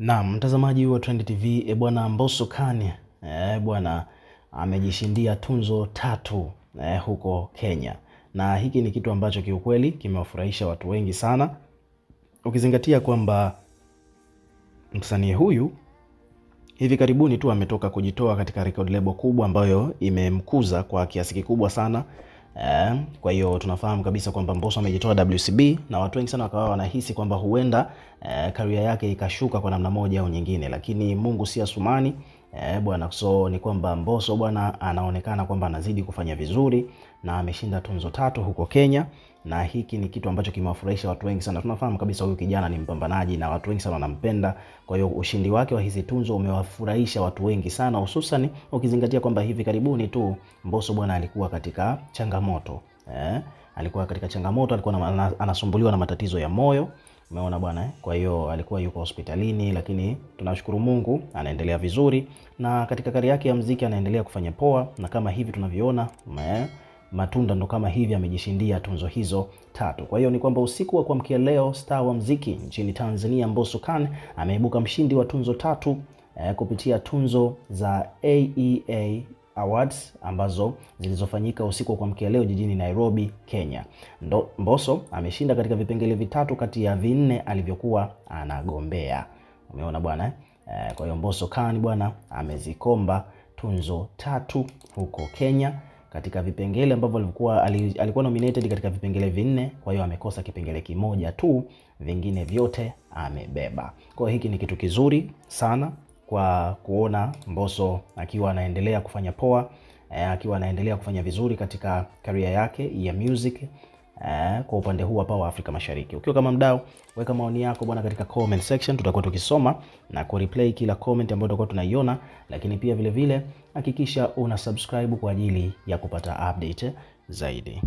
Naam, mtazamaji wa Trend TV, e bwana Mbosso Khan e bwana amejishindia tunzo tatu e, huko Kenya, na hiki ni kitu ambacho kiukweli kimewafurahisha watu wengi sana, ukizingatia kwamba msanii huyu hivi karibuni tu ametoka kujitoa katika record label kubwa ambayo imemkuza kwa kiasi kikubwa sana. Eh, kwa hiyo tunafahamu kabisa kwamba Mbosso amejitoa WCB na watu wengi sana wakawa wanahisi kwamba huenda eh, karia yake ikashuka kwa namna moja au nyingine, lakini Mungu si Asumani. Eh, bwana so ni kwamba Mbosso bwana anaonekana kwamba anazidi kufanya vizuri na ameshinda tunzo tatu huko Kenya, na hiki ni kitu ambacho kimewafurahisha watu wengi sana. Tunafahamu kabisa huyu kijana ni mpambanaji na watu wengi sana wanampenda, kwa hiyo ushindi wake wa hizi tunzo umewafurahisha watu wengi sana, hususan ukizingatia kwamba hivi karibuni tu Mbosso bwana alikuwa katika changamoto eh, alikuwa katika changamoto, alikuwa na, anasumbuliwa na matatizo ya moyo Umeona bwana eh? Kwa hiyo alikuwa yuko hospitalini, lakini tunashukuru Mungu anaendelea vizuri, na katika kari yake ya mziki anaendelea kufanya poa, na kama hivi tunavyoona matunda ndo kama hivi amejishindia tunzo hizo tatu. Kwa hiyo ni kwamba usiku wa kuamkia leo star wa mziki nchini Tanzania Mbosso Khan ameibuka mshindi wa tunzo tatu eh, kupitia tunzo za AEA e Awards ambazo zilizofanyika usiku wa kuamkia leo jijini Nairobi, Kenya. Ndo, Mbosso ameshinda katika vipengele vitatu kati ya vinne alivyokuwa anagombea. Umeona bwana eh? eh kwa hiyo Mbosso Khan bwana amezikomba tunzo tatu huko Kenya katika vipengele ambavyo alikuwa alikuwa nominated katika vipengele vinne. Kwa hiyo amekosa kipengele kimoja tu, vingine vyote amebeba. Kwa hiyo hiki ni kitu kizuri sana kwa kuona Mbosso akiwa anaendelea kufanya poa eh, akiwa anaendelea kufanya vizuri katika karia yake ya music eh, kwa upande huu hapa wa Afrika Mashariki. Ukiwa kama mdau, weka maoni yako bwana katika comment section, tutakuwa tukisoma na kureplay kila comment ambayo tutakuwa tunaiona, lakini pia vile vile hakikisha una subscribe kwa ajili ya kupata update zaidi.